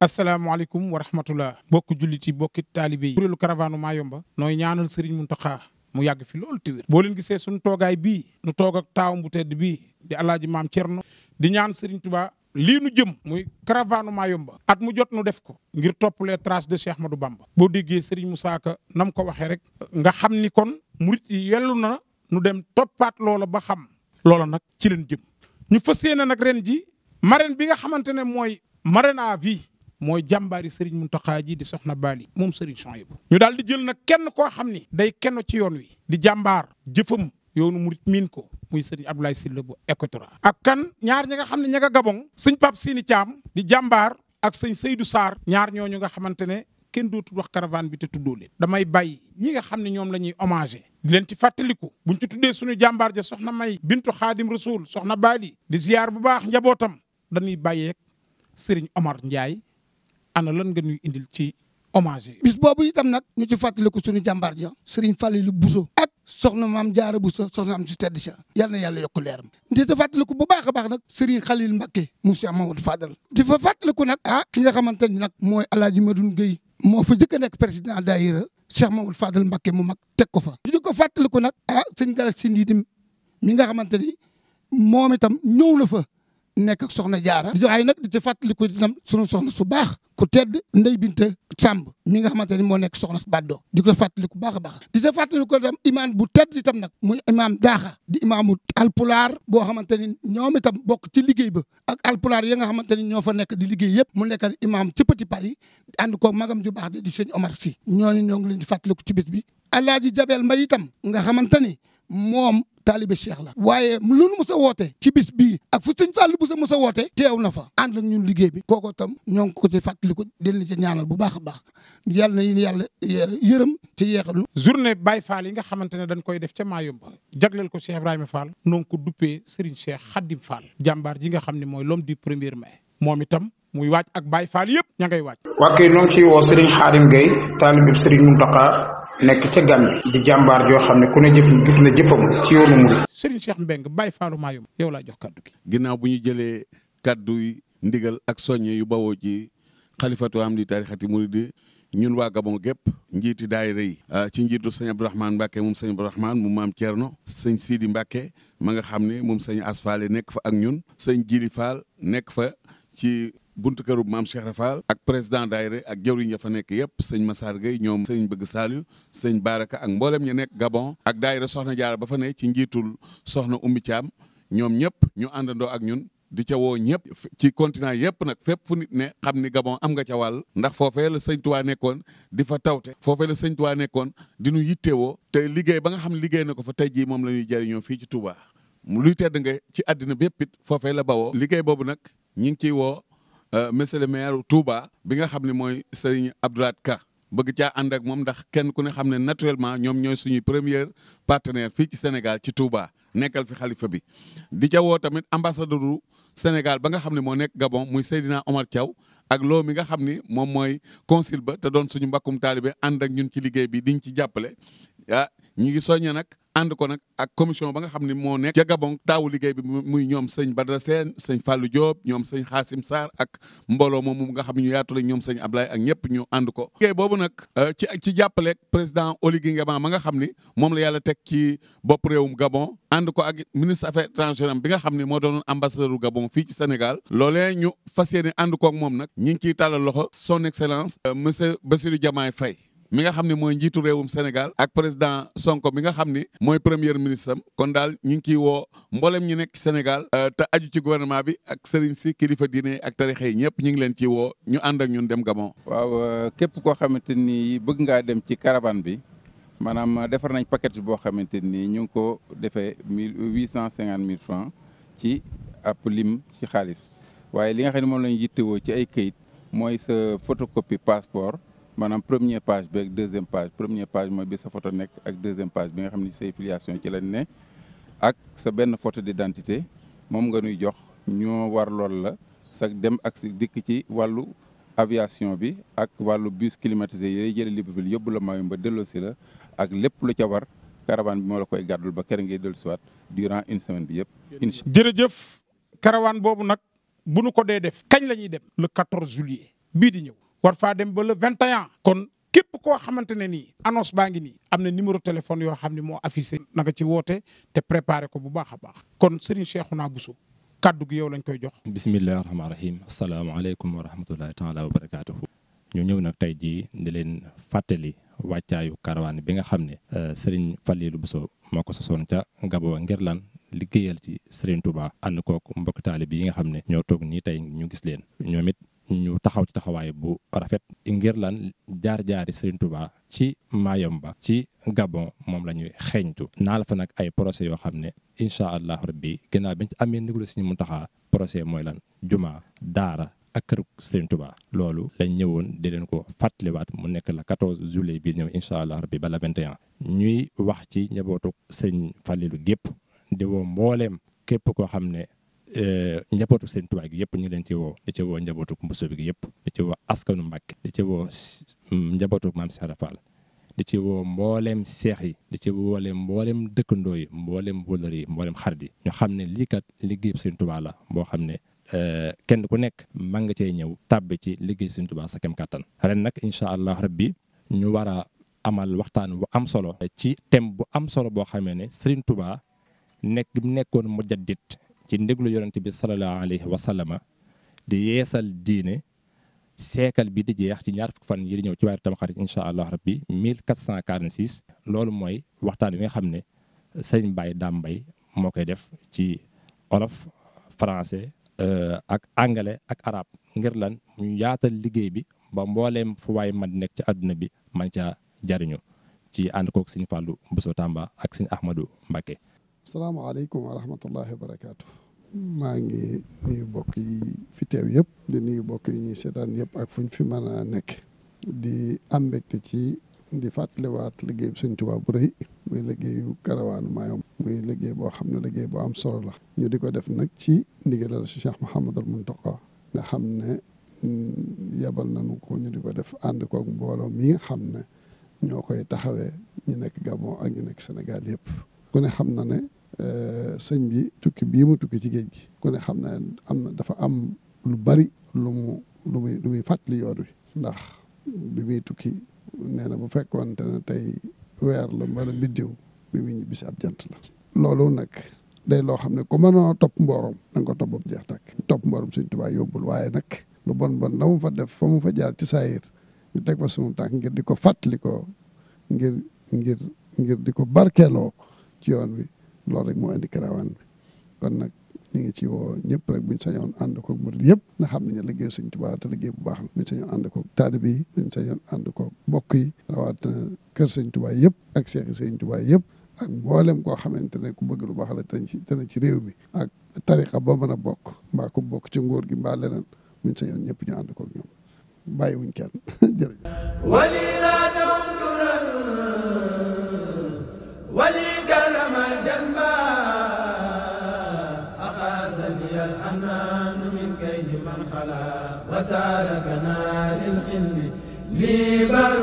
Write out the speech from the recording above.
asalaamaaleykum wa rahmatullah bokk jullit yi bokki taalibe yi kuréelu karavaanu Mayumba nooy ñaanal Serigne Mountakha mu yàgg fi loolu tiwir boo leen gisee toogaay bii nu toog ak taawam bii di alaaji maam Cerno di ñaan Serigne Touba lii nu jëm muy caravane Mayumba at mu jot nu def ko ngir topp lee trace de ma du Bamba. boo déggee Serigne mu Ka nam ko waxee rek nga xam ni kon mu yi yellu na nu dem toppaat loola ba xam loola nag ci leen jëm ñu fas yéene nag ren ji marraine bi nga xamante ne mooy marraine à vie mooy jàmbaari Serigne Mountakha ji di soxna Bali moom Serigne Souhaïbou ñu daal di jël nag kenn koo xam ni day kenn ci yoon wi di jàmbaar jëfam yoonu murit miin ko muy sëriñ Abdoulaye Sylla bu Ecotra ak kan ñaar ñi nga xam ne ña nga Gabon sëñ Pape caam di jàmbaar ak sëñ seydu saar ñaar ñooñu nga xamante ne kenn dootul wax caravane bi te tuddoo leen damay bay ñi nga xam ne ñoom la ñuy hommagé di leen ci fàttaliku buñ ci tuddee suñu jàmbaar ja soxna May bintu Xaadim Rasul soxna Baali di ziar bu baax njabootam dañuy bàyyeeg Serigne Omar Ndiaye ana lan nga ñuy indil ci hommage bis boobu itam nag ñu ci fàttaliku suñu jàmbaar ja Serigne Fallilou soxna maam jaara bu sa soxna am si tedd sa yal na yàlla yokk leeram di te fàttaliku bu baax a baax nag Serigne Khalil Mbacké mu Cheikh Mamadou Fadal di fa fàttaliku nag ah ki nga xamante ni nag mooy Alaaji Madoun Gueye moo fa jëkk a nekk président daayira Cheikh Mamadou Fadal Mbacké mu mag teg ko fa di ko fàttaliku nag ah sëñ Galassine Ndidim mi nga xamante ni moom itam ñëw na fa nekk soxna jaara di waaye nag di ci fàttaliku itam sunu soxna su baax ku tedd ndey binte sàmb mi nga xamante ni moo nekk soxna su baddo di ko fàttaliku baax a baax di ci fàttaliku itam imaam bu tedd itam nag muy imaam daaxa di alpulaar boo xamante ni ñoom itam bokk ci liggéey ba ak alpulaar yi nga xamante ni ñoo fa nekk di liggéey yëpp mu nekk imaam ci Petit Paris ànd ko magam ju baax di di sëñ Omar Sy ñooñu ñoo ngi leen di fàttaliku ci bis bi alaaji jabel mbay itam nga xamante ni moom taalibe cheikh la waaye lu nu mës woote ci bis bi ak fu sëñ Fallou bu sa mës a woote teew na fa ànd ñun liggéey bi ko kooko tam ñoo ngi ko ci fàttaliku del ni ci ñaanal bu baax a baax yàlla na yéen yàlla yërëm ci yeexal journée Baye Fall yi nga xamante ne dañ koy def ca Mayumba jagleel ko Cheikh Ibrahima Fall noo ko duppee Serigne Cheikh Khadim Fall jàmbaar ji nga xam ni mooy l'homme di premier mai moom itam muy waaj ak baay Fall yëpp ñangay ngay waaj. waa kay ñoo ngi woo Serigne Khadim Gueye taalib bi Serigne Mountakha nekk ca Gàmbi di jàmbaar joo xam ne ku ne jëf gis jëfam ci yoonu murid Serigne Cheikh Mbengue Baye Fallou Mayoum yow laa jox kaddu gi ginnaaw bu ñu jëlee kaddu ndigal ak soññe yu bawoo ci xalifatoo am di tarixati muridi ñun waa Gabon gépp njiiti daayira yi ah, ci njiitu sëñ Abdourahmane Mbacke moom sëñ Abdourahmane mu maam no sëñ Sidi mbake ma nga xam ne moom sëñ Asfaale nekk fa ak ñun sëñ Jili Fall nekk fa ci bunt këru maam Cheikh Rafal ak président daayira ak jëwriñ ya fa nekk yëpp sëñ Massar Gueye ñoom sëñ Bëgg Saliou sëñ Baraka ak mboolem ñu nekk Gabon ak daayira soxna jaare ba fa ne ci njiitul soxna Oumy Thiam ñoom ñëpp ñu àndandoo ak ñun di ca woo ñëpp ci continent yëpp nag fépp fu nit ne xam ni Gabon am nga ca wàll ndax foofee la sëñ Tuubaa nekkoon di fa tawte foofee la sëñ Tuubaa nekkoon di nu yittewoo te liggéey ba nga xam liggéey na ko fa tey jii moom la ñuy jëriñoo fii ci Touba luy tedd nga ci àddina bépp it foofee la bawoo liggéey boobu nag ñi ngi ciy woo Euh, monsieur le maire Touba bi nga xam ne mooy sëriñ Abdoulaye Ka bëgg caa ànd ak moom ndax kenn ku ne xam ne naturellement ñoom ñooy suñuy premier partenaire fii ci Sénégal ci Touba nekkal fi xalifa bi. di ca woo tamit ambassadeur Sénégal ba nga xam ne moo nekk Gabon muy Seydina Omar Thiaw ak loo mi nga xam ni moom mooy consul ba te doon suñu mbakkum taalibe ànd ak ñun ci liggéey bi diñ ci jàppale ah ñu ngi soññee nag ànd ko nag ak commission ba nga xam ne moo nekk ca Gabon taawu liggéey bi muy ñoom sëñ Badara Seen sëñ Fallou Diop ñoom sëñ Xaasim Sarr ak mbooloo moom nga xam ñu yaatu la ñoom sëñ Ablaye ak ñëpp ñu ànd ko boobu nag euh, ci ci jàppaleeg président Oligui Nguema ma nga xam ni moom la yàlla teg ci bopp réewum Gabon ànd ko ak ministre affaires étrangères bi nga xam ne moo doonoon ambassadeur u Gabon fii ci Sénégal loolee ñu fas yéene ànd koog moom nag ñi ngi ciy tàllal loxo son excellence euh, monsieur Bassirou Diomaye fay mi nga xam ne mooy njiitu réewum Sénégal ak président Sonko bi nga xam ni mooy premier ministre am kon daal ñu ngi ciy woo mboolem ñu nekk Sénégal euh, te aju ci gouvernement bi ak sëriñ si kilifa diine ak tarixa yi ñëpp ñu ngi leen ciy woo ñu ànd ak ñun dem Gabon. waaw euh, képp koo xamante ni bëgg ngaa dem ci caravane bi maanaam euh, defar nañ paquet boo xamante ni ñu ngi ko defee mille huit cent cinquante mille francs ci ap lim ci xaalis waaye li nga xam ne moom lañu ñu ci ay kayit mooy sa photocopie passeport. maanaam première page bi ak deuxième page première page mooy bi sa photo nekk ak deuxième page bi nga xam ni say filiation ci lañ ne ak sa benn photo d'identité moom nga nuy jox ñoo war lool la sax dem ak si dikk ci wàllu aviation bi ak wàllu bus climatisé yi lay jëlee Libreville yóbbu la Mayumba delloosi la ak lépp lu ca war caravane bi moo la koy gàddul ba kër ngay dellusiwaat durant une semaine bi yëpp. incha jërëjëf caravane boobu nag bu nu ko dee def. kañ la ñuy dem le 14 juillet bii di ñëw. war faa dem ba le 21. kon képp koo xamante ne nii annonce baa ngi nii am na numéro téléphone yoo xam ne moo affiché na nga ci woote te prépare ko bu baax a baax. kon Serigne Cheikhouna Bousso kaddu gi yow lañ koy jox. bisimilah rahmaani rahiim asalaamaaleykum wa rahmatulahi taala wa barakaatuhu. ñu ñëw nag tey jii di leen fàttali wàccaayu karawaan bi nga xam ne. Euh, Serigne falilu buso moo ko sosoon ca Gabon ngir lan. liggéeyal ci Serigne Touba ànd kook mbokk bi yi nga xam ne ñoo toog nii tey ñu gis leen ñoomit ñu taxaw ci taxawaay bu rafet ngir lan jaar-jaari Serigne tubaa ci Mayomba ci Gabon moom la ñuy xeeñtu naa la fa nag ay procès yoo xam ne incha allah rabbi gannaaw bi ñu ci amee ndigalu mu Mountakha procès mooy lan juma daara ak kër Serigne Touba loolu lañ ñëwoon di leen ko fàttaliwaat mu nekk la 14 juillet bii ñëw incha allah rabbi bala la ñuy wax ci njabootu sëñ Fallilou gépp di mbooleem képp koo xam ne. Eh, njabootu seen tubaab gi yëpp ñu leen ci woo di ci woo njabootu Mbuso bi gi yëpp di ci woo askanu Mbàkke di ci woo mm, njabootu maam Cheikh ci woo mbooleem seex yi di ci woolee mbooleem dëkkandoo yi mbooleem wëlër yi mbooleem xarit yi ñu xam ne lii kat liggéey seen tubaab la boo xam ne eh, kenn ku nekk mën nga cee ñëw tàbbi ci liggéey seen tubaab sa kem kàttan ren nag incha allah rabbi ñu war a amal waxtaan bu am solo ci thème bu am solo boo xamee ne Serigne Touba nekk nekkoon mu jaddit ci ndéglu yorant bi sallallahu alayhi wa sallama di yeesal diine seekal bi di jeex ci ñaar fukki fan yi di ñëw ci weer tamxarit incha allah rabbi 1446. loolu mooy waxtaan wi nga xam ne sëñ Baye Dame Mbaye moo koy def ci olof français euh, ak anglais ak arabe ngir lan ñu yaatal liggéey bi ba mbooleem fu waay man nekk ci àdduna bi man caa jariñu ci ànd kook sëñ Fallou Bousso Tamba ak sëñ Ahmadou Mbacké salaamaaleykum wa rahmatullahi wa barakaatu. maa ngi nuyu mbokk yi fi teew yëpp di nuyu mbokk yi ñuy seetaan yëpp ak fuñ fi mën a nekk. di am mbégte ci di fàttaliwaat liggéey bu Sëñ Tuubaa bu rëy muy liggéeyu karawaanu Maayom. muy liggéey boo xam ne liggéey boo am solo la. ñu di ko def nag ci ndigalal si Cheikh Mouhamadul Mountakha nga xam ne mm, yabal nañu ko ñu di ko def ànd koog mbooloo mi nga xam ne ñoo koy taxawee ñu nekk Gabon ak ñu nekk Sénégal yëpp. ku ne xam na ne. Euh, sëñ bi tukki bii mu tukki ci géej gi ku ne xam na am na dafa am lu bari lu mu lu muy lu muy fàttali yoon wi ndax bi muy tukki nee na bu fekkoonte ne tey weer la mbala biddiw bi muy ñibbisi ab jant la loolu nag de loo xam ne ku mënoo topp mbooroom da nga ko topp jeex tàkk topp mbooroom Sëñ Tuubaa yombul waaye nag lu bon bon la mu fa def fa mu fa jaar ci saayir ñu teg fa sunu tànk ngir di ko fàttali ko ngir ngir ngir di ko barkeeloo ci yoon wi loolu rek moo indi karawaan bi kon nag ñu ngi ci woo ñëpp rek buñ sañoon ànd koog murid yëpp na xam ne liggéey Sëñ Tuubaa te liggéey bu baax la buñ sañoon ànd koog taalibe yi buñ sañoon ànd koog mbokk yi rawatina kër Sëñ Tuubaa yëpp ak seexi Sëñ Tuubaa yëpp ak mboolem koo xamante ne ku bëgg lu baax la tane ci tane ci réew mi ak tariqa ba mën a bokk mbaa bokk ci ngóor gi mbaa leneen buñ sañoon ñëpp ñu ànd koog wuñ bàyyiwuñ kenn jërëjëf خلا وسالك نار الخل لي